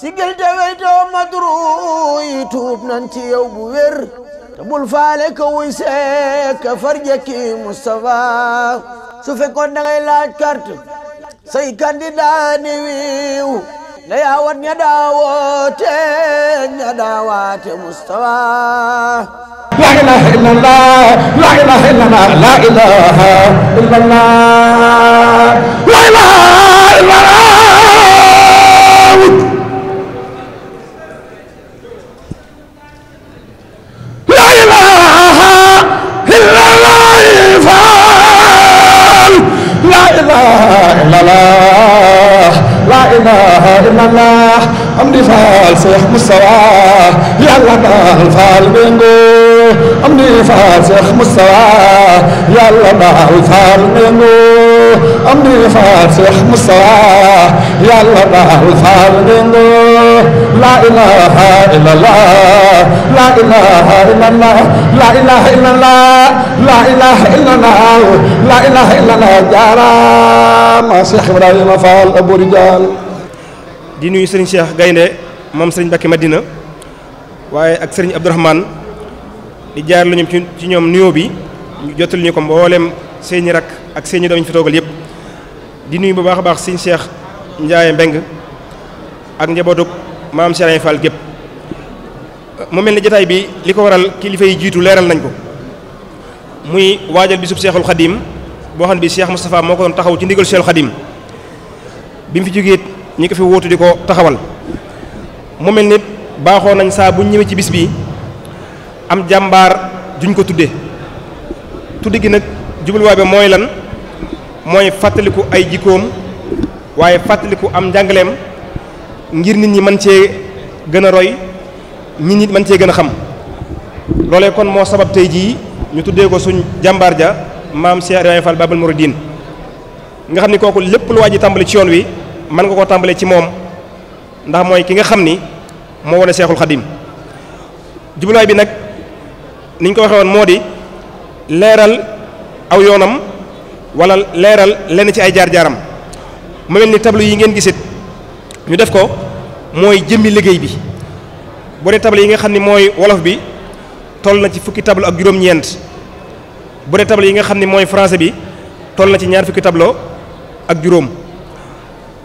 sigil te weytoo madru yi tuub nan ci yow bu wér te bul faale ka wuy see ka farjekki Moustapha su fekkoon da ngay laaj carte say candidat ni wiiw na yaawat ña daawoote ña daawaate Moustapha la ilaha illallah la ilaha faal laa ilaaha illallaah laa ilaaha illallaah Amdi Faal Seex Mustafa yàlla daal faal bengo Amdi Faal Seex Mustafa yàlla daal faal bengo Amdi Faal Seex Mustafa yàlla daal faal bengo la ilaha illallah la ilaha illallah la ilaha illallah la ilaha illallah la ilaha illallah jaaraam ya Cheikh ah, Ibrahim Fall Abou Rijal di nuyu Serigne Cheikh Gaynde moom Serigne Bakki Medina waye ak Serigne Abdourahmane di jaar lu ñum ci ñom nuyoo bi ñu jotal ñu ko mboolem seeni rak ak seeni doom ñu fi togal yépp di nuyu bu baax baax Serigne Cheikh Ndiaye Mbeng ak njabootuk maam Serigne Fall gépp mu mel ni jataay bi li ko waral kilifa yi jiitu leeral nañ ko muy waajal bisub seexul xadim boo xam ne bi Cheikh Moustapha moo ko doon taxaw ci ndigal seexul xadim bi mu fi jógee ñi ko fi wóotu di ko taxawal mu mel ni baaxoo nañ saa bu ñëwee ci bis bi am jàmbaar juñ ko tudde tudde gi nag jubluwaay bi mooy lan mooy fàttaliku ay jikkoom waaye fàttaliku am njàngaleem ngir nit ñi mën cee gën a roy nit ñi mën cee gën a xam loole kon moo sabab tey jii ñu tuddee ko suñ jàmbaar ja maam Cheikh Ibrahima Fall Babal nga xam ni kooku lépp lu waa ji tàmbali ci yoon wi mën nga koo tàmbale ci moom ndax mooy ki nga xam ni moo wane Cheikhul Khadim jubluwaay bi nag ni ñu ko waxee moo di leeral aw yoonam walla leeral lenn ci ay jaar-jaaram mu mel ni tableau yi ngeen gisit ñu def ko mooy jëmmi liggéey bi boo dee table yi nga xam ni mooy wolof bi toll na ci fukki tableau ak juróom-ñeent bu dee tableau yi nga xam ni mooy français bi toll na ci ñaar fukki tableau ak juróom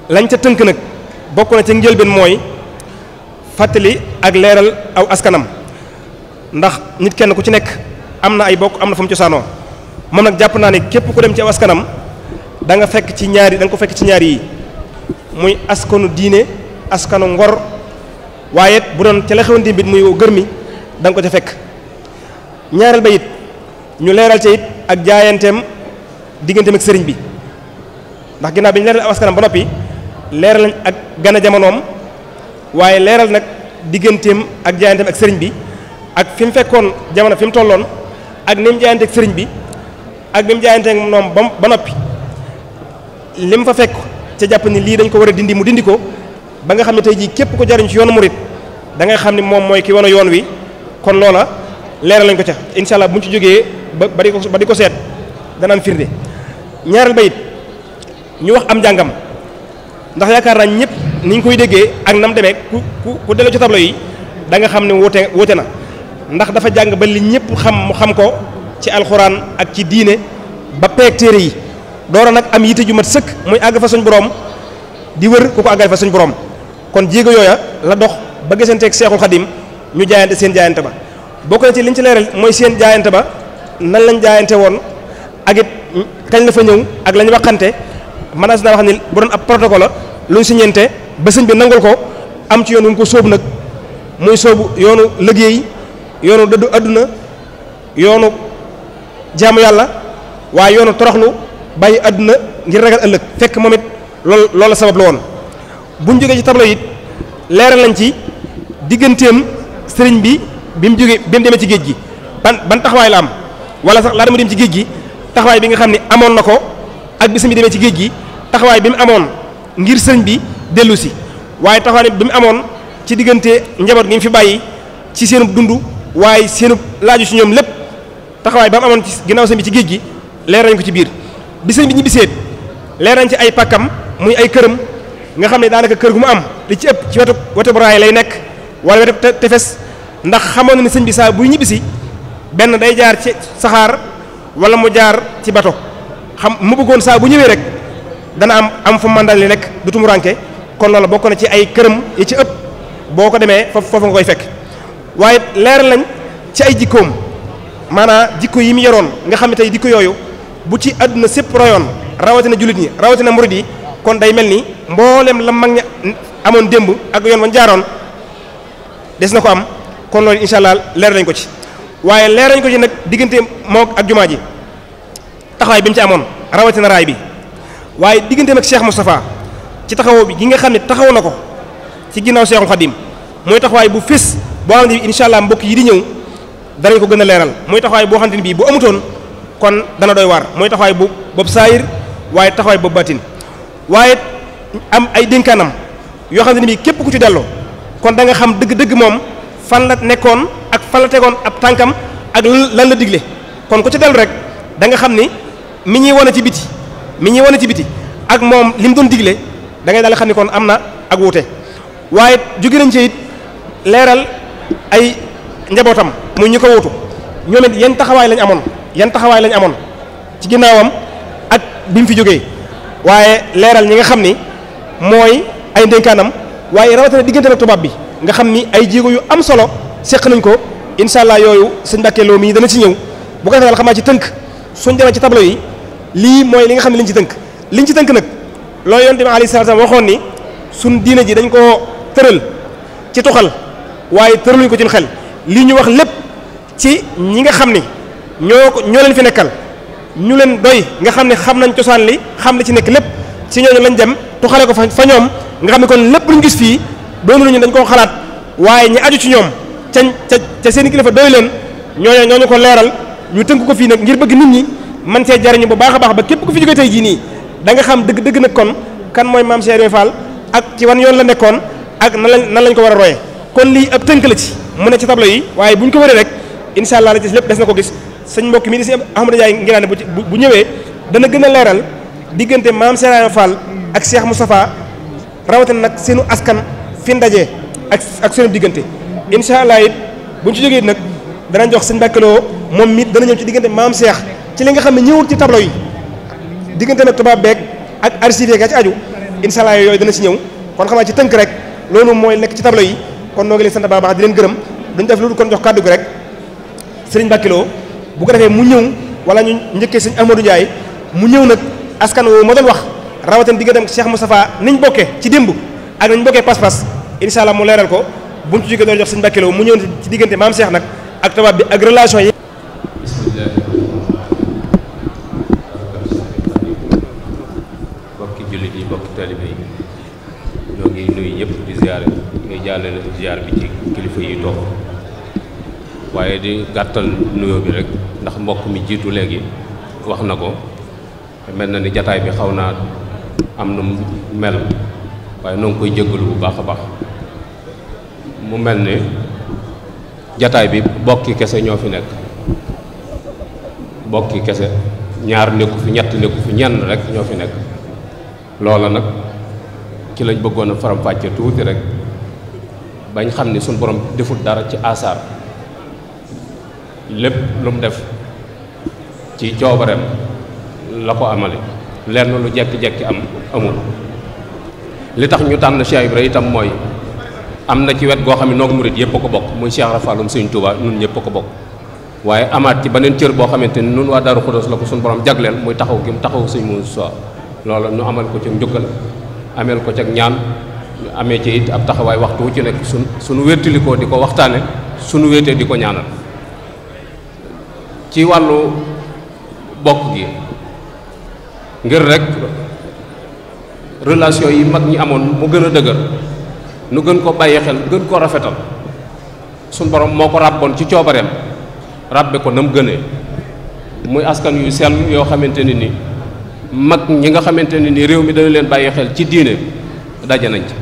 lañ ca tënk nag bokk na ca njëlbeen mooy fàttali ak leeral aw askanam ndax nit kenn ku ci nekk am na ay bokk am na fa mu cosaanoo mën nag jàpp naa ne képp ku dem ci aw askanam da nga fekk ci ñaari da nga ko fekk ci ñaari yi muy askanu diine askanu ngor waaye it bu doon ca la xewanti bit muy gër mi da ko ca fekk ñaareel ba it ñu leeral ca it ak jaayanteem digganteem ak sëriñ bi ndax ginnaaw bi ñu leeral aw askanam ba noppi leeral nañ ak gana jamonoom waaye leeral nag digganteem ak jaayanteem ak sëriñ bi ak fi fekkoon jamono fi mu tolloon ak ni mu jaayanteeg sëriñ bi ak ni mu jaayanteeg noom ba noppi li mu fa fekk ca jàpp ni lii dañ ko war a dindi mu dindi ko ba nga xamni tay ji kep ko jarign ci yoonu mourid da nga xamni mom moy ki wona yoon wi kon lola leral lañ ko ci inshallah allah ci joggé ba diko ko ba diko ko da danaan firdé ñaaral bayit ñu wax am jangam ndax yaakar na ñëpp ni ngui koy déggé ak nam démé ku ku délo ci tableau yi da nga xamni ne woote na ndax dafa jang ba li ñëpp xam mu xam ko ci alcorane ak ci diiné ba peeg yi doora nak am yité ju mat sëkk muy fa suñ borom di wër ko fa suñ borom. kon jéego yooya la dox ba gisanteeg seexul xadim ñu jaayante seen jaayante ba bokk na ci liñ ci leeral mooy seen jaayante ba nan lañ jaayante woon ak it kañ la fa ñëw ak lañ waxante maanaam naa wax ni bu doon ab protocole la luñ si ñeente ba sëñ bi nangul ko am ci yoon wu ko sóob nag mooy soob yoonu liggéey yoonu dëddu àdduna yoonu jaamu yàlla waaye yoonu toroxlu bàyyi àdduna ngir ragal ëllëg fekk moom it lool loolu la sabab la woon. buñ jógee ci tableau nanti leeral nañ ci digëntem sëriñ bi bimu mu bimu démé ci géej gi ban ban taxawaay la am wala sax la dama dem ci géej gi taxawaay bi nga xamni amon nako ak bi démé ci gi bimu amon ngir sëriñ bi Wa ci waye taxawaay bimu amon ci digënté njabot gi fi bayyi ci seenu dundu waye seenu laaju ci ñom lepp taxawaay bam amon ci ginaaw sëriñ bi ci géej gi ko ci biir bi ñi bisé ci ay pakam muy ay kërëm nga xam ne daanaka kër gu mu am li ci ëpp ci wetu wetu raay lay nekk wala wetu tefes ndax xamoon na ne sëñ bi saa buy ñibbisi benn day jaar ci saxaar wala mu jaar ci bato xam mu bëggoon saa bu ñëwee rek dana am am fu mandal li nekk du tumuranke kon loolu bokk na ci ay këram yi ci ëpp boo ko demee foofu nga koy fekk waaye leer lañ ci ay jikkoom maanaam jikko yi mu yoroon nga xam ne tey jikko yooyu bu ci àdduna sépp royoon rawatina jullit ñi rawatina murid yi kon day mel ni mboolem la mag ña amoon démb ak yoon wañ jaaroon des na ko am kon loolu incha allah leer nañ ko ci waaye leerañ ko ci nag diggante moo ak jumaa ji taxawaay bi mu ci amoon rawatina raay bi waaye digganteem ak Cheikh Moustapha ci taxawoo bi gi nga xam ne taxaw na ko ci ginnaaw Cheikhul Khadim mooy taxawaay bu fés boo xam ne bi incha allah mbokk yi di ñëw danañ ko gën a leeral mooy taxawaay boo xam ne bii bu amutoon kon dana doy waar mooy taxawaay bu boobu saayir waaye taxawaay boobu baatin waaye am ay dénkaanam yoo xam ne bii képp ku ci delloo kon da nga xam dëgg-dëgg moom fan la nekkoon ak fan la tegoon ab tànkam ak lan la digle kon ku ci dellu rek danga nga xam ni mi ñuy wane ci biti mi ñuy wane ci biti ak moom li mu doon digle da ngay daal xam ni kon am na ak wute waaye jóge nañ ci it leeral ay njabootam muy ñu ko wuutu ñoom yan taxawaay lañ amoon yan taxawaay lañ amoon ci ginnaawam ak bi mu fi jógee. waaye leeral ñi nga xam ni mooy ay ndénkaanam waaye rawatina diggante nag tubaab bi nga xam ni ay jéego yu am solo seq nañ ko incha allah yooyu sëñ Mbàkke Lo mii dana ci ñëw bu ko defee xam ci tënk suñ demee ci tablo yi lii mooy li nga xam ne liñ ci tënk liñ ci tënk nag loolu yonent bi alayhi salaam waxoon ni suñ diine ji dañ koo tëral ci tuxal waaye tëraluñ ko ci xel lii ñu wax lépp ci ñi nga xam ni ñoo ñoo leen fi nekkal ñu leen doy nga xam ne xam nañ cosaan li xam li ci nekk lépp ci ñooñu lañ dem tuxale ko fa fa ñoom nga xam ne kon lépp luñ gis fii doonu lu ñu dañ koo xalaat waaye ñi aju ci ñoom ca ca ca seen kilifa doy leen ñooñu ñooñu ko leeral ñu tënk ko fii nag ngir bëgg nit ñi man see jariñu bu baax a baax ba képp ku fi jógee tey jii nii danga xam dëgg dëgg nag kon kan mooy maam Cheikh Fall ak ci wan yoon la nekkoon ak nan lañ nan lañ ko war a royee kon lii ab tënk la ci ne ci tableau yi waaye bu ko wëree rek incha allah lépp des ko gis sëñ mbokk mi di si Ahmadou Ndiaye ngirane bu ñëwé dana gëna léral digënté mam maam Serigne Fall ak Cheikh mustapha rawaté nak seenu askan fi ndaje ak ak seenu digënté inshallah it buñ ci jógee nak dana jox sëñ Mbàkkeloo mom mi dana ñëw ci digënté maam Cheikh ci li nga xamné ñëwul ci tableau yi digënté nak tuba bek ak archive ga ci aju inshallah yoy dana ci ñëw kon xama ci teunk rek lolu moy nekk ci tableau yi kon noo ngi leen sant baax di leen gëreum duñ def lolu kon jox cadeau rek serigne bakilo bu ko defee mu ñëw wala ñu njëkkee sëñ Amadou Ndiaye mu ñëw nag askan woowu ma doon wax rawatina digganteem Cheikh Moustapha niñ bokkee ci démb ak niñ bokkee pas-pas incha mu leeral ko buñ ci jógee doon jox sëñ Mbàkke mu ñëw ci diggante maam Cheikh nag ak tubaab bi ak relation yi. bi ngay jàllale ziyaar bi ci kilifa yi toog waaye di gàttal nuyoo bi rek ndax mbokk mi jiitu léegi wax na ko mel na ni jataay bi xaw naa am na mel waaye noo koy jéggalu bu baax a baax mu mel ni jataay bi bokki kese ñoo fi nekk bokki kese ñaar nekku fi ñett nekku fi ñenn rek ñoo fi nekk loola nag ci lañ bëggoon a tuuti rek bañ xam ni suñ borom defut dara ci asaar lepp lum def ci coobareem la ko amale lenn lu jekki-jekki am amul li tax ñu tan Cheikh ibrahim tam moy am ci wet go xamni nok mourid yepp ko bok moy Cheikh seigne touba nun ñepp ko bok waye amaat ci benen cieur bo xamanteni ñun nun daru khodos la ko sun borom jagleel moy taxaw gi mu taxaw mourid so lolu ñu amal ko ci njukkal amel ko ci ak ñaan ñu ci it ab taxaway waxtu wu ci nek sun sun wertiliko di ko sun wété diko ko ñaanal ci walu bokk gi ngir rek relation yi mag ñi amoon mu gën a dëgër nu gën ko bàyyi xel gën ko rafetal sun borom moo ko ràbboon ci coobareem ràbbe ko nam mu gënee muy askan yu sell yoo xamante ne ni mag ñi nga xamante ni réew mi dana leen bàyyi xel ci diine daje nañ ci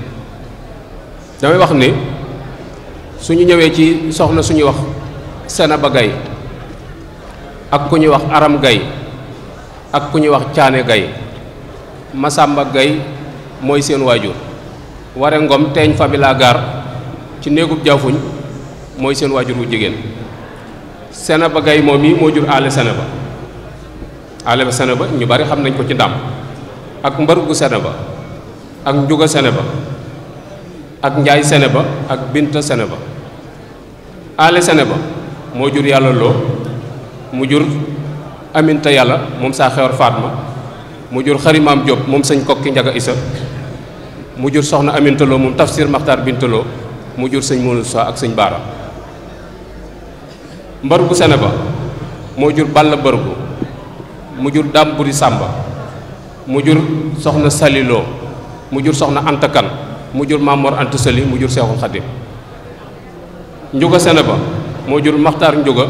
damay wax ni suñu ñëwee ci soxna suñu wax ba gay ak ku ñuy wax aram gay ak ku ñuy wax caane gay masamba gay mooy seen waajur ware ngom teeñ famila gaar ci néegub jaafuñ mooy seen waajur wu jigéen sene ba gay moom yi moo jur ale sene ba ale ba sene ba ñu bari xam nañ ko ci ndam ak mbarugu sene ba ak njuga sene ba ak njaay sene ba ak binta sene ba ale sene ba moo jur yàlla loo Mujur jur aminta yàlla moom saa xewar Fatma mu jur xarimaam Diop moom sëñ kokki njaga isa mu jur soxna amintaloo mom tafsir makhtar bin mu jur sëñ Mounou Sow ak sëñ bara mbaru bu sene mujur jur Balla Bërgu mu jur Dam Buri mu jur soxna salilo mu soxna Antakan mu Mamor antuseli. Mujur mu jur Seexul Xadim Njuga senaba ba Njuga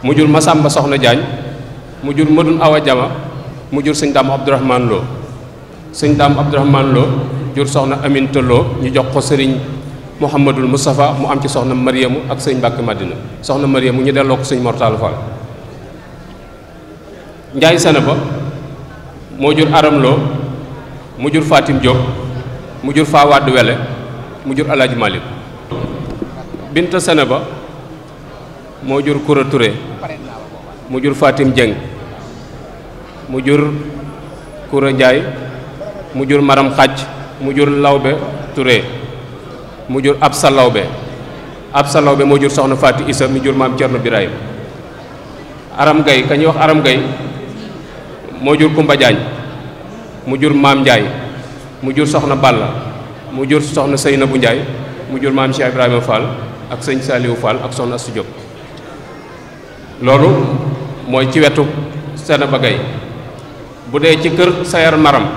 mu jur Masamba Soxna Jaañ mu jur Madun Awa Jama mu jur sëñ Daam Abdourahman Lo sëñ Daam Abdourahman jur soxna Aminta ñu jox ko sëriñ Mouhamadul Moustapha mu am ci soxna Mariamu ak sëñ Mbàkke Madina soxna Mariamu ñu delloo ko sëñ Mortal Fall Njaay sana ba moo jur Aram mu jur Fatim Diop mu jur Fawad Wele mu jur Alaaji Malik Binta sana ba moo jur kura ture mu jur Fatim Dieng mu jur Koura Ndiaye mu jur Maram Xaj mu jur Lawbe ture mu jur ab Absa Lawbe Absa Lawbe moo jur soxna Fatou Issa mu jur maam Thierno Birahim Aram Gay ka wax Aram Gay moo jur Kumba Diagne mu jur maam Ndiaye mu jur soxna Balla mu jur soxna Seyna bu njaay mu jur maam Cheikh Ibrahima Fall ak sëñ Saliou Fall ak soxna Astou loolu mooy ci wetu seen bagay bu dee ci kër sayar maram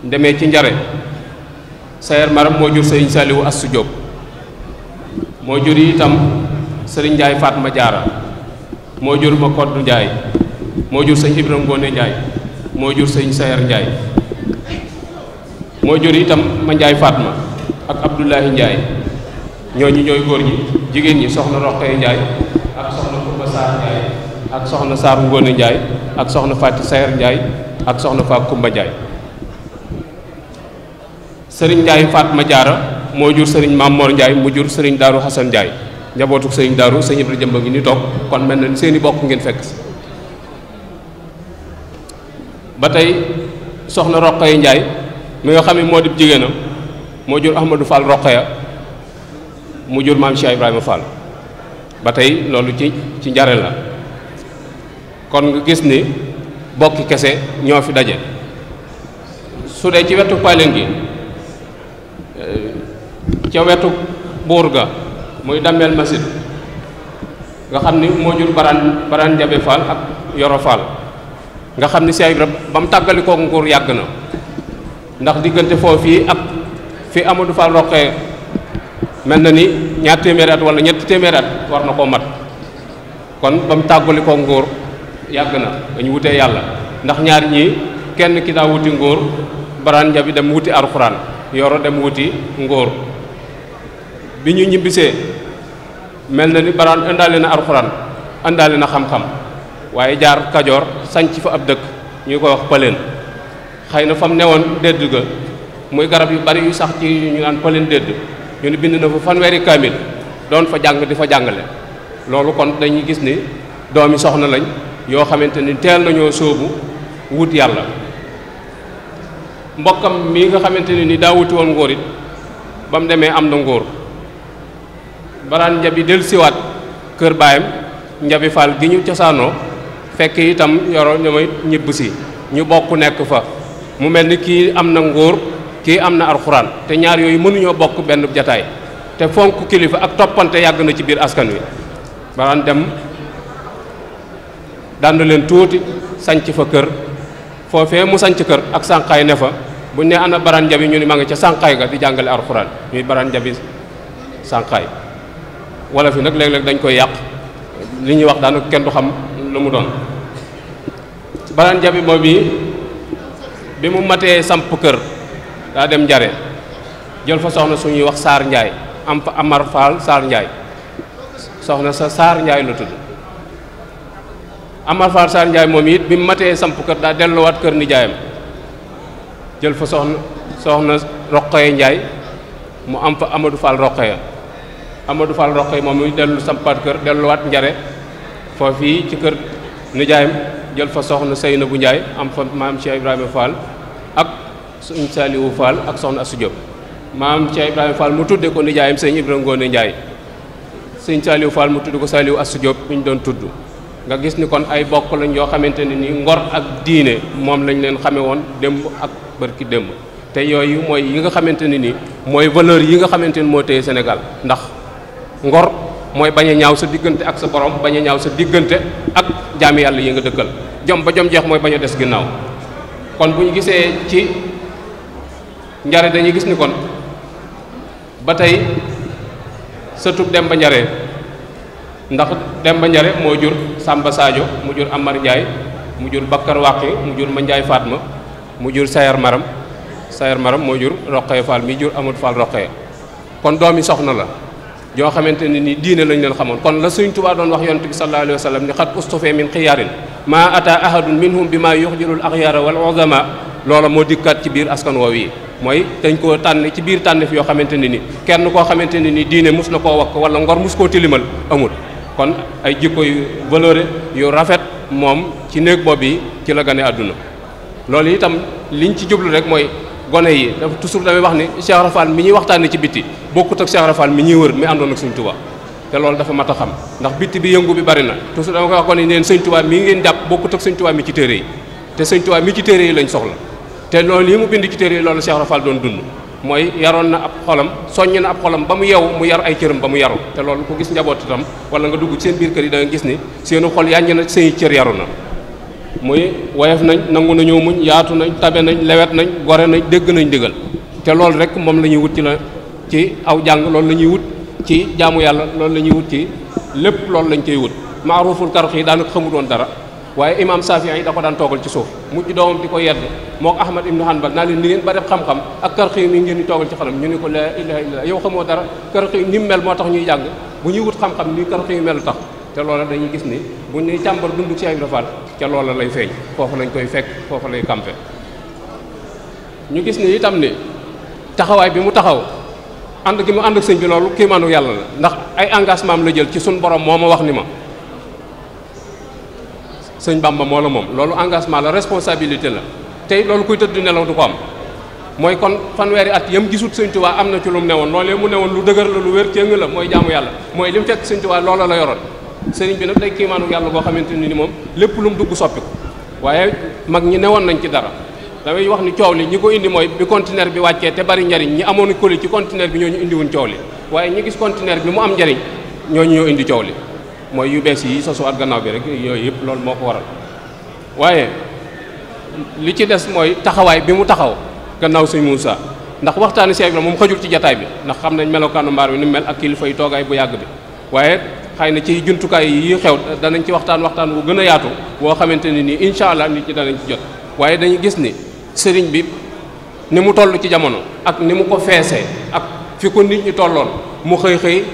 demee ci njare sayar maram moo jur sëriñ Saliou as Diop moo jur itam sëriñ Ndiaye Fatma Diarra moo jur ma Koddu Ndiaye moo jur sëñ Ibrahima Ngoone moo jur sëñ sayar Ndiaye moo jur itam ma Ndiaye Fatma ak Abdoulahi Ndiaye ñooñu ñooy góor ñi jigéen ñi soxna Roqee Ndiaye Saar Ndiaye ak soxna Saar Ngóone njaay ak soxna Fatou Sayer Ndiaye ak soxna Fatou Kumba Ndiaye sëriñ Ndiaye Fatma Diarra moo jur sëriñ Mamor Ndiaye mu jur sëriñ Daaru Xasan Ndiaye njabootu sëriñ Daaru sëñ Ibra Jëmba ngi ni toog kon mel na seeni bokk ngeen fekk si ba tey soxna Roqaya Ndiaye mi nga xam ne moo di jigéenam moo jur Ahmadou Fall Roqaya mu jur maam Cheikh Ibrahima Fall batay tey ci ci njare la kon nga gis ni bokki kese ño fi daje su dee ci wetu palen gi eh, ca wetu buur ga muy nga xamni mo jur baran baran jabe fal ak yoro fal nga xamni ni rab bam tagali ko nguur yàgg na ndax ak fi amadou fall mel na ni ñaar téeméeri at wala ñetti téeméeri at war na koo mat kon ba mu tàggali ko nguur yàgg na dañu wutee yàlla ndax ñaar ñii kenn ki daa wuti nguur baran njabi dem wuti alxuraan yoro dem wuti nguur bi ñu ñibbisee mel na ni baraan indaale na alxuraan indaale na xam-xam waaye jaar kajoor sanc fa ab dëkk ñu koy wax pëleen xëy na fa mu newoon dédd ga muy garab yu bari yu sax ci ñu naan pëleen dédd ñu ne bind na fa fanweeri kamil doon fa jàng di fa jàngale loolu kon dañuy gis ni doomi soxna lañ yoo xamante ni teel nañoo sóobu wut yàlla mbokkam mi nga xamante ni ni daa wuti woon ngóor it ba am na ngóor baraan njabi del siwaat kër baayam njabi faal gi ñu cosaanoo fekk itam yoro ñoomay ñibb si ñu bokk nekk fa mu mel ni am na ngóor kii am na alxuraan te ñaar yooyu mënuñoo bokk benn jataay te fonk kilifa ak toppante yàgg na ci biir askan wi baraan dem dànd leen tuuti sanc fa kër foofee mu sanc kër ak sànqaay ne fa buñ ne ana baran jabi ñu ni ma ngi ca sànqaay ga di jàngale alxuraan ñuy baran jabi sànqaay wala fi nag léeg-léeg dañ koy yàq li ñuy wax daanaka kenn du xam lu mu doon baran jabi moom bi bi mu matee samp kër daa dem njare jël fa soxna suñuy wax Saar Njaay am fa Amar Fall Saar Njaay soxna sa Saar Njaay la tudd Amar Fall Saar Njaay moom it bi mu matee samp kër daa delluwaat kër nijaayam jël fa soxna soxna Roqoye Njaay mu am fa Amadou Fall Roqoye Amadou Fall Roqoye moom kër delluwaat njare foofii ci kër nijaayam jël fa soxna Seynabu Njaay am fa maam Cheikh Ibrahima ak sëñ Saliou Fall ak soxna Assou Diop maam Cheikh Ibrahima Fall mu tudde ko nijaayam sëñ Ibrahima Ngoone Ndiaye sëñ Saliou Fall mu tudde ko Saliou Assou Diop ñu doon tudd nga gis ni kon ay bokk lañ yoo xamante ne ni ngor ak diine moom lañ leen xame woon démb ak ki démb te yooyu mooy yi nga xamante ne ni mooy valeur yi nga xamante ni moo téye senegal ndax ngor mooy bañ a ñaaw sa diggante ak sa borom bañ a ñaaw sa diggante ak jaami yàlla yi nga dëkkal jom ba jom mooy bañ a des ginnaaw njare dañuy gis ni kon ba tey sëtub Demba Njare ndax Demba Njare moo jur Samba Sadio mu jur Amar njaay mu jur Bakkar Waqi mu jur Ma Ndiaye Fatma mu jur Sayar Maram Sayar Maram moo jur Roqee Fall mi jur Amadou Fall Roqee kon doomi soxna la yoo xamante ne ni diine lañ leen xamoon kon la Sëriñ Tuubaa doon wax yonent bi sallallahu alayhi wa sallam ni xat ustufe min xiyaarin maa ata ahadun minhum bi maa yuxjilul axyaara wal uzama loola moo dikkaat ci biir askan woow yi Moy, dañ ko tan ci biir tan fi yo xamanteni ni kenn ko xamanteni ne ni diine musna ko wak wala ngor mus ko tilimal amul kon ay jikko yu valeur yu rafet mom ci neeg bobbi ci la gane aduna loolu itam liñ ci djublu rek moy goné yi dafa toujours damay wax ni Cheikh Rafal mi ñuy waxtaanee ci biti bokku tak Cheikh Rafal mi ñi wër mi andon ak seigne touba té loolu dafa mata xam ndax bitti bi yëngu bi bari na toujours dama koy wax gone yi neen Sëñ Tuubaa mi ngeen jàpp bokku tak seigne touba mi ci téré yi mi ci téré yi lañ soxla te loolu yi mu bind ci téere yi loolu Cheikh Rafal doon dund mooy yaroon na ab xolam soññ na ab xolam ba mu yew mu yar ay cëram ba mu yaru te loolu ku gis njaboot tam wala nga dugg ci seen biir kër yi da gis ni seenu xol yàññ na seeni cër yaru na muy woyof nañ nangu nañoo muñ yaatu nañ tabe nañ lewet nañ gore nañ dégg nañ digal te loolu rek moom la ñuy wut ci la ci aw jàng lool la ñuy wut ci jaamu yàlla loolu la ñuy wut ci lépp loolu lañ cay wut maaruuful karux yi daanaka xamutoon dara waaye imaam Saafi'i yi ko daan toogal ci suuf mujj doomam di ko yedd mook Ahmad ibnu Hanbal naa leen ni ngeen ba def xam-xam ak kër xii mi ngeen di toogal ci xalam ñu ni ko laa ilaaha illallaah yow xamoo dara kër xii ni mel moo tax ñuy jàng bu ñuy wut xam-xam ni kër xii mel tax te loola dañuy gis ni bu ñuy càmbar dundu ci ay rafal ca loola lay feeñ foofu lañ koy fekk foofu lay kampe ñu gis ni itam ni taxawaay bi mu taxaw ànd gi mu ànd ak sëñ bi loolu yàlla ndax ay engagement la jël ci suñ borom moo ma wax ni ma sëñ Bamba moo la moom loolu engagement la responsabilité la tey loolu kuy tëdd nelaw du ko am mooy kon fanweeri at yam gisut sëñ Tuubaa am na ci lu mu newoon loolee mu newoon lu dëgër la lu wér cëng la mooy jaamu yàlla mooy lim mu fekk sëñ Tuubaa loola la yoroon sëriñ bi nag day kiimaanu yàlla boo xamante ni ni moom lépp lu mu dugg soppi ko waaye mag ñi newoon nañ ci dara damay wax ni coow li ñi ko indi mooy bi conteneur bi wàccee te bari njariñ ñi amoon colis ci conteneur bi ñooñu indiwuñ coow li waaye ñi gis conteneur bi mu am njariñ ñooñu ñoo indi coow li mooy yu bees yi sosu at gannaaw bi rek yooyu yëpp loolu moo ko waral waaye li ci des mooy taxawaay bi mu taxaw gannaaw sëñ Moussa ndax waxtaani Cheikh Ibra moom xajul ci jataay bi ndax xam nañ melokaanu mbaar bi ni mel ak kilifa yi toogaay bu yàgg bi waaye xëy na ci jumtukaay yi xew danañ ci waxtaan waxtaan wu gën a yaatu boo xamante ni nii incha allah nit ñi danañ ci jot waaye dañu gis ni sëriñ bi ni mu toll ci jamono ak ni mu ko feesee ak fi ko nit ñi tolloon mu xëy xëy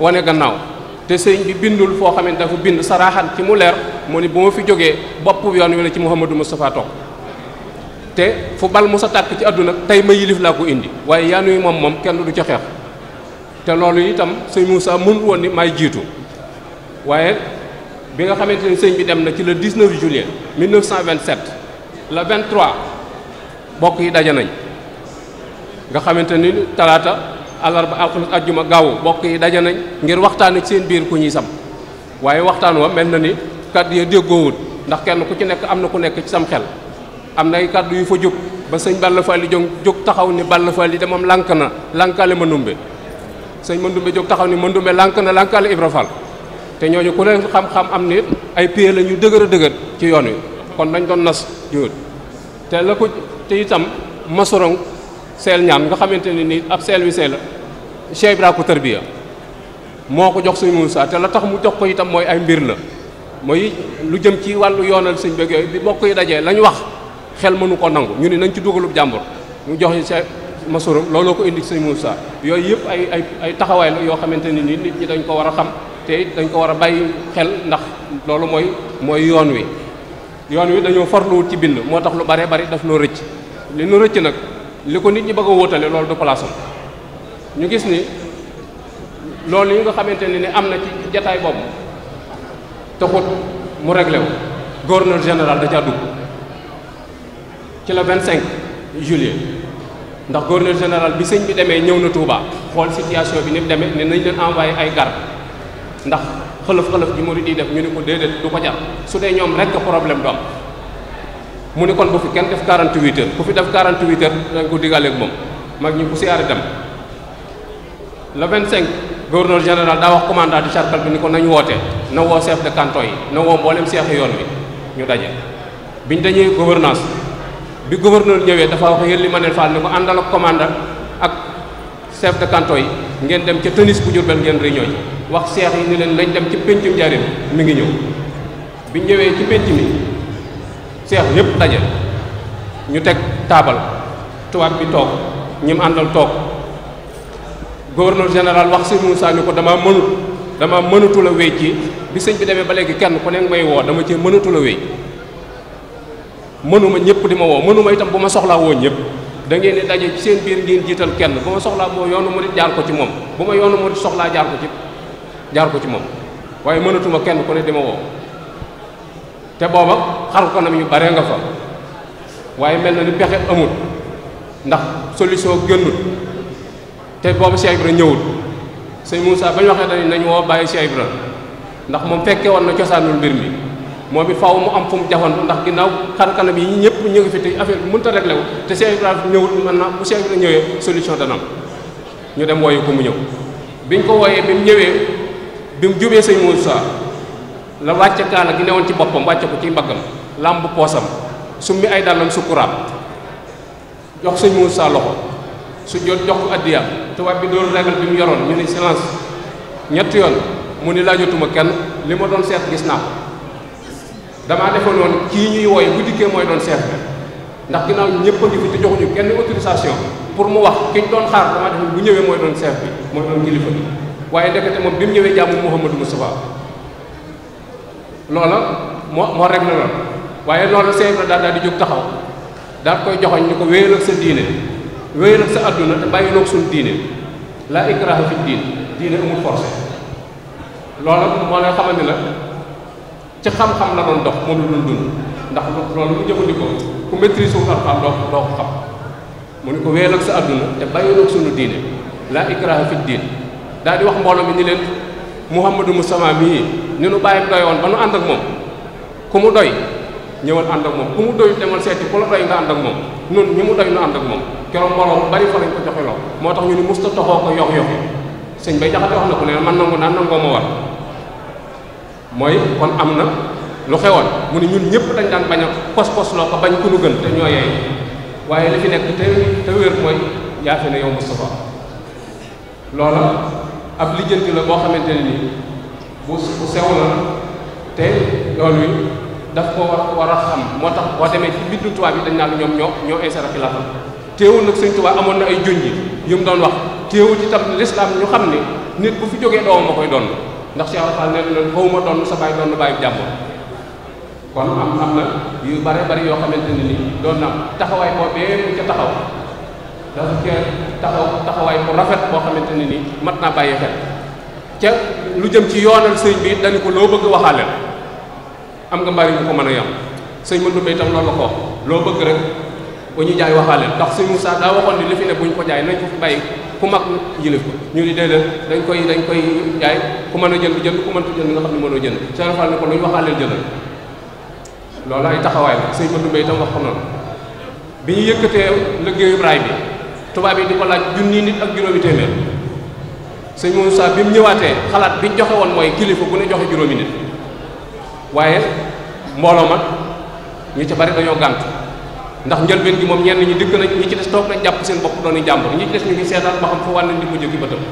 wane gannaaw te sëñ bi bindul foo xam ne dafa bind saraaxan ci mu leer mu ni bu ma fi jógee bopp yoon wi la ci Mouhamadou Moustapha toog te fu bal mu sa ci àdduna tey ma yilif ko indi waaye yaa nuy moom moom kenn du ca xeex te loolu itam sëñ Moussa mënul woon ni may jiitu waaye bi nga xamante ni bi dem na ci le 19 juillet 1927 le 23 bokk yi daje nañ nga xamante ni àllarba alxames ajjuma gaawu bokk yi daje nañ ngir waxtaanee ci seen biir ku ñuy sam waaye waxtaan wa mel na ni kàddu ya déggoowut ndax kenn ku ci nekk am na ku nekk ci sam xel am na ay kàddu yu fa jóg ba sëñ Balla Fally jóg jóg taxaw ni Balla Fally de moom lànk na lànkale Mandoumbe sëñ Mandoumbe jóg taxaw ni Mandoumbe lànk na lànkale Ibra Fall te ñooñu ku ne xam-xam am nit ay pieds la ñu dëgër a dëgër ci yoon wi kon dañ doon nas te la te itam masorong sel ñam nga xamanteni ni ab sel wi sel Cheikh ibrahim ko tarbiya moko jox seigne Moussa te la tax mu jox ko itam moy ay mbir la moy lu jëm ci walu yonal seigne beeg bi bokk yi dajee lañ wax xel mënu ko nangu ñu ni nañ ci dugalub jàmbur mu jox ci Cheikh Masoro looloo ko indi seigne Moussa yoy yep ay ay ay taxawaay la yoo xamante ni nit ñi dañ ko wara xam te dañ ko wara bayyi xel ndax lolo moy moy yoon wi yoon wi dañu farlu ci bind motax lu bare bare daf lo recc li nu recc nak li ko nit ñi bëgg a wóotale loolu du palaasam ñu gis ni loolu yi nga xamante ne ni am na ci jataay boobu taxut mu réglé wu gouverneur général da caa dugg ci la 25 juillet ndax gouverneur général bi sëñ bi demee ñëw na tuubaa xool situation bi ni mu demee ne nañ leen envoyé ay garde ndax xëlëf xëlëf ji mu di def ñu ne ko déedéet du ko jar su dee ñoom rek problème du am mu ni kon bu fi kenn def 48 heures ku fi def 48 heures dañ ko digaleeg moom mag ñi ku siyaare dem le 25 gouverneur général daa wax commandant di charcal bi ni ko nañu woote na woo chef de canton yi na mboolem seexi yoon wi ñu daje biñ dañuy gouvernance bi gouverneur ñëwee dafa wax yéen li ma leen faal ni ko àndal ak commandant ak chef de canton yi ngeen dem ca tennis bu Jurbel ngeen réunion yi wax seex yi ni leen lañ dem ci péncum njaarim mi ngi ñëw biñ ñëwee ci pénc mi seex yëpp daje ñu teg taabal tuwaab bi toog ñi àndal toog gouverneur général wax Sëñ Moussa ni ko dama mënut dama mënatul a wéy ci bi sëñ bi demee ba léegi kenn ku nekk may woo dama ci mënatul a wéy mënuma ñëpp di ma woo mënuma itam bu ma soxlaa woo ñëpp da ngeen di daje ci seen biir ngeen jiital kenn bu ma soxlaa moo yoonu murid jaar ko ci moom bu ma yoonu murid soxlaa jaar ko ci jaar ko ci moom waaye mënatuma kenn ku ne di ma woo te booba xar kanam yu bare nga fa waaye mel na ni pexe amul ndax solution gënnul te booba Cheikh Ibra ñëwul sëñ Moussa ba ñu waxee dañ nañu woo bàyyi Cheikh Ibra ndax moom fekkee woon na cosaanu mbir mi moom bi faaw mu am fu mu jafandu ndax ginnaaw xar kanam yi ñi ñëpp ñu ngi fi te affaire bi mënut a réglé wu te Cheikh Ibra man mën na bu Cheikh Ibra ñëwee solution dana am ñu dem wooyu ko mu ñëw biñ ko woyee bi mu ñëwee bi mu jubee sëñ Moussa la wacce kaala gi newoon ci bopam wacce ko ci mbagam lamb posam summi ay dalam sukura jox seigne Moussa loxo su jot jox adiya addiya tubaab bi doon ragal bi mu yoroon ñu ni silence ñett yoon mu ni laajotuma kenn lima don set gis na dama defon won ki ñuy woy bu dikke moy don set ndax ginnaaw ñepp a fi joxuñu kenn autorisation pour mu wax ki xaar dama bu ñewé moy don set bi moy don kilifa waye ndekete mom bimu ñewé jamm mustafa loola moo moo réglé lool waaye loola seebra daal daal di jóg taxaw daal koy joxoñ ñu ko wéyal ak sa diine wéyal sa àdduna te bàyyi noog suñu diine laa ikraha fi diin diine amul forcé loola moo lay xamal ni la ci xam-xam la doon dox moom dund ndax loolu mu jëfandikoo ku maîtrise wu doo ko xam mu ne ko wéyal sa adduna te bàyyi noog suñu diine laa ikraha fi diin daal di wax mbooloo mi ni leen Muhammadu Mustafa mii ni nu bàyyam doy woon ba nu ànd ak moom ku mu doy ñëwal ànd ak moom ku mu doy demal seeti ku la doy nga ànd ak moom nun ñi mu doy nu ànd ak moom keroog mbooloo bari fa lañ ko joxe loo moo tax ñu ni musta toxoo ko yox yox sëñ bay jaxate wax na ko ne man nangu naan nangoo ma war mooy kon am na lu xewoon mu ne ñun ñëpp dañ daan bañ a pos-pos loo ko bañ ku nu gën te ñoo yeey waaye li fi nekk te te wér mooy yaa ne yow Moustapha loola ab lijjanti la boo bu bu sew la te loolu daf ko war a xam moo tax boo demee ci bindu tubaab yi dañ naan ñoom ñoo ñoo inséré xilaafa teewul nag sëñ tubaab amoon na ay junji yu mu doon wax teewul ci tam lislaam ñu xam ne nit bu fi jógee doomam ma koy doon ndax Cheikh Fall nee na xaw ma doon sa bàyyi doon bàyyi jàmbur kon am am na yu bare bari yoo xamante ne nii doon na taxawaay boo bee mu ca taxaw dafa cee taxawaay bu rafet boo xamante ne nii mat naa bàyyi xel. ca lu jëm ci yoonal sëñ bi dañu ko loo bëgg waxaale am nga mbari mu ko mën a yam sëñ mëndu mbay tam noonu la ko loo bëgg rek bu ñu jaay waxaale ndax sëñ Moussa daa waxoon ni li fi ne buñ ko jaay nañ ko fi bàyyi ku mag yilif ko ñu ni déedéet dañ koy dañ koy jaay ku mën a jënd jënd ku mënta jënd nga xam ne mënoo jënd Cheikh Fall ne ko lu ñu waxaaleel jëndal loolu ay taxawaay la sëñ mëndu mbay tam wax ko noonu bi ñu yëkkatee liggéeyu raay bi tubaab yi di ko laaj junni nit ak juróomi téeméer sëñ Moussa bi mu ñëwaatee xalaat bi joxe woon mooy kilifa bu ne joxe juróomi nit waaye mbooloo ma ñu ci bari dañoo gant ndax njëlbeen gi moom ñenn ñi dikk nañ ñi ci des toog nañ jàpp seen bopp doon jàmbur ñi ci des ñu ngi seetaan ba xam fa wànne di mu jógi bëtam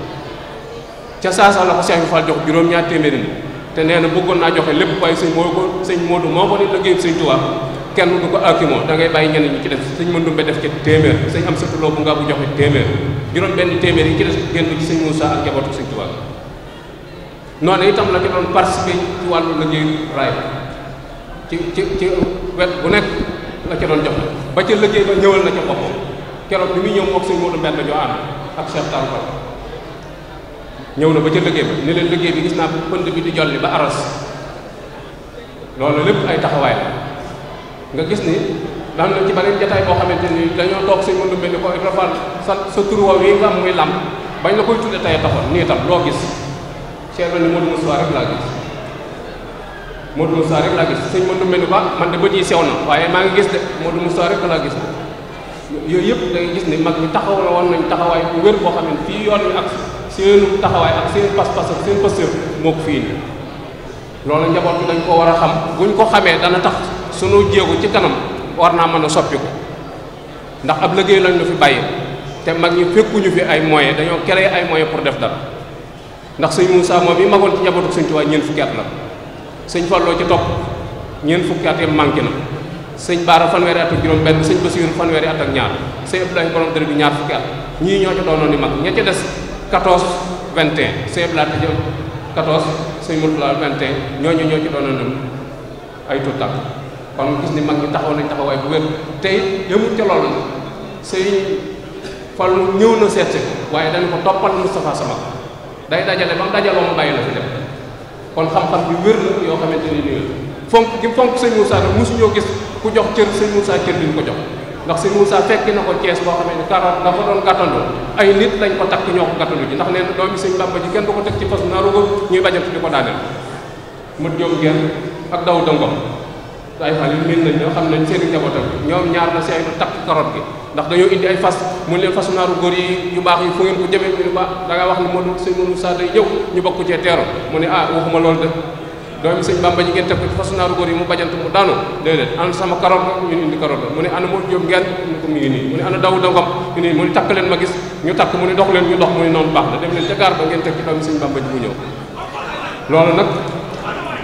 ca saasa la ko Cheikh Fall jox juróom-ñaar téeméeri nit te nee na bëggoon naa joxe lépp waaye sëñ moo ko sëñ Modou moo ko ni liggéey sëñ Tuubaa kenn du ko akimo da ngay bàyyi ñene ñu ci def señ mu ndumbe def ci téeméer señ am sa sëtuloo bu nga bu joxe téeméer juróom benn téeméer yi ci def genn ci señ Moussa ak njabootu sëñ Tuubaa noonu itam la ci doon participer ci walu la liggéey ray ci ci ci wet bu nek la ci doon jox ba ci liggéey ba ñewal na ci bop keroog bi mi ñew mok señ Modou Mbène ñoo ànd ak Cheikh Tall ñew na ba ci liggéey ba ni leen liggéey bi gis naa pënd bi di jolli ba aras loolu lepp ay taxaway la nga gis ni daan na ci beneen jotaay bo xamanteni ni tok toog mundu melni ko rafal sa sa tour wa wi nga muy lam bañ la koy tudde tay taxon ni tam lo gis cheikh mel ni Modou Moussa rek la gis Modou Moussa rek la gis sey mundu melni ba man de bët yi sew na waaye gis de Modou Moussa rek la gis yoy yep da ngay gis ni mag ni taxaw na woon nañ taxaway bu wér bo xamanteni fi yoon wi ak seenu taxaway ak seen pas-pas ak seen pasteur moo fi fii nii loolu dañ ko wara xam buñ ko xamé dana tax sunu jéego ci kanam war naa mën a soppi ndax ab liggéey lañ ñu fi bàyyi te mag ñi fekkuñu fi ay moyens dañoo créé ay moyens pour def dara ndax sëñ Moussa moom yi magoon ci njabootu sëñ Tuubaa ñeent fukki at la sëñ loo ci topp ñeent fukki at yi manqué na sëñ Baara fanweeri at juróom benn sëñ Basiiru fanweeri at ak ñaar sëñ Abdoulaye borom dër bi ñaar fukki at ñii ñoo ca doonoon ni mag ña ca des 14 21 sëñ laa ta 14 sëñ Mourtala 21 ñooñu ñoo ci doonoon ni ay tuut kon gis ni mag ñi taxaw nañ taxawaay bu wér te it yëmut ca loolu nag sëñ Fallu ñëw na seet si waaye dañ ko toppal Moustapha Sama day dajale ba mu dajaloo mu bàyyi la fi dem kon xam-xam bi wér yoo xamante ni nii fonk gi fonk sëñ Moussa nag mosuñoo gis ku jox cër sëñ Moussa cër bi ko jox ndax sëñ Moussa fekki na ko Cees boo xamee ne karoot nga fa doon gàttandu ay nit lañ ko takk ñoo ko gàttandu ji ndax nee na doomi sëñ Bàmba ji kenn du ko teg ci fas naaru ko ñuy bajant di ko daaneel mët joom genn ak daw Baay Faal yi mel nañ ñoo xam nañ seeni njabootam ñoom ñaar la seey takk karoot gi ndax dañoo indi ay fas mun leen fasu góor yi yu baax yi fu ngeen ko jëmee ñu ne ba da ngaa wax ne Modou sëñ Modou Sa day ñëw ñu bokk cee teeru mu ne ah waxuma loolu de doomi sëñ Bàmba ji ngeen yi mu bajant mu mu ne ana Modou Diop ngeen ñu ko mi ngi nii mu ne ana Daouda Ngom ñu ne mu ne takk leen ma gis ñu takk mu ne dox leen ñu dox mu ne noonu baax la dem leen ca gaar ba ngeen teg ci doomi sëñ ji mu ñëw loolu nag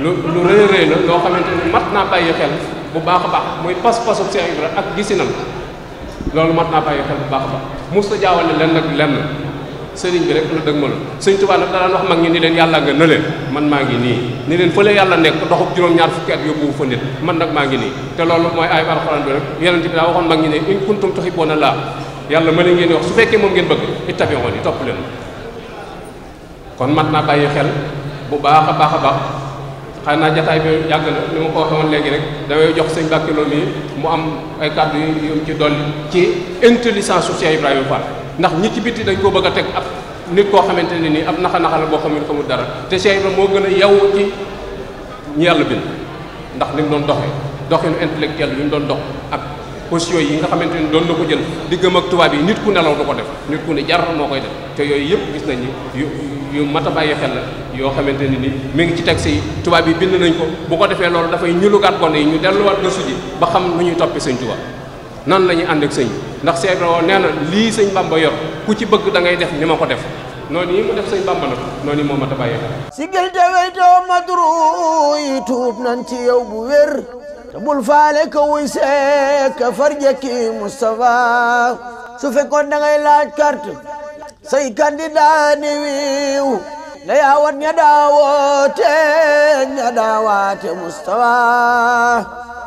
lu lu rëy rëy la loo xamante ni mat naa bàyyi xel bu baax a baax muy pas-pasu Cheikh Ibrahima ak gisinam loolu mat naa bàyyi xel bu baax a baax mos ta jaawale lenn ak lenn sëriñ bi rek la dëgmalu sëriñ Tuubaa nag daan wax mag ñi ni leen yàlla nga nële man maa ngi nii ni leen fële yàlla nekk doxub juróom-ñaar fukki at man nag maa ngi nii te loolu mooy ay yeneen bi daa waxoon mag ñi ne in kuntum tuhibbuuna laa yàlla mën ngeen di wax su fekkee moom ngeen bëgg ittabi'uuni topp leen kon mat naa bàyyi xel bu baax a baax a baax xëy naa jataay bi yàgg na ni ma ko waxee woon léegi rek damay jox sëñ Mbàkke Lo mii mu am ay kàddu yu ci dolli ci intelligence su Cheikh Ibrahima Fall ndax ñi ci bitti dañ koo bëgg a teg ab nit koo xamante ne nii ab naxa naxa la boo xam ne dara te Cheikh Ibrahima moo gën a yaw ci ñu yàlla bind ndax ni mu doon doxee doxinu intellectuel bi mu doon dox ak position yi nga xamante ni doon na ko jël di ak tubaab yi nit ku nelaw du ko def nit ku ne jar moo koy def te yooyu yëpp gis nañ yu yu mat a xel la yoo xamante ni ni mi ngi ci texte yi tubaab yi bind nañ ko bu ko defee loolu dafay ñulugaat gone yi ñu delluwaat gëstu ba xam lu ñuy toppee sëñ tubaab nan la ñuy ànd ak sëñ ndax seetloo nee na lii sëñ bamba yor ku ci bëgg dangay ngay def ni ma ko def noonu yi mu def sëñ bamba nag noonu yi moo mat a bàyyi xel si gël te te bul faale ka wuy see ka farja ki su fekkoon da ngay laaj carte say candidat na yaa wat ña daawoote ña daawaate Moustapha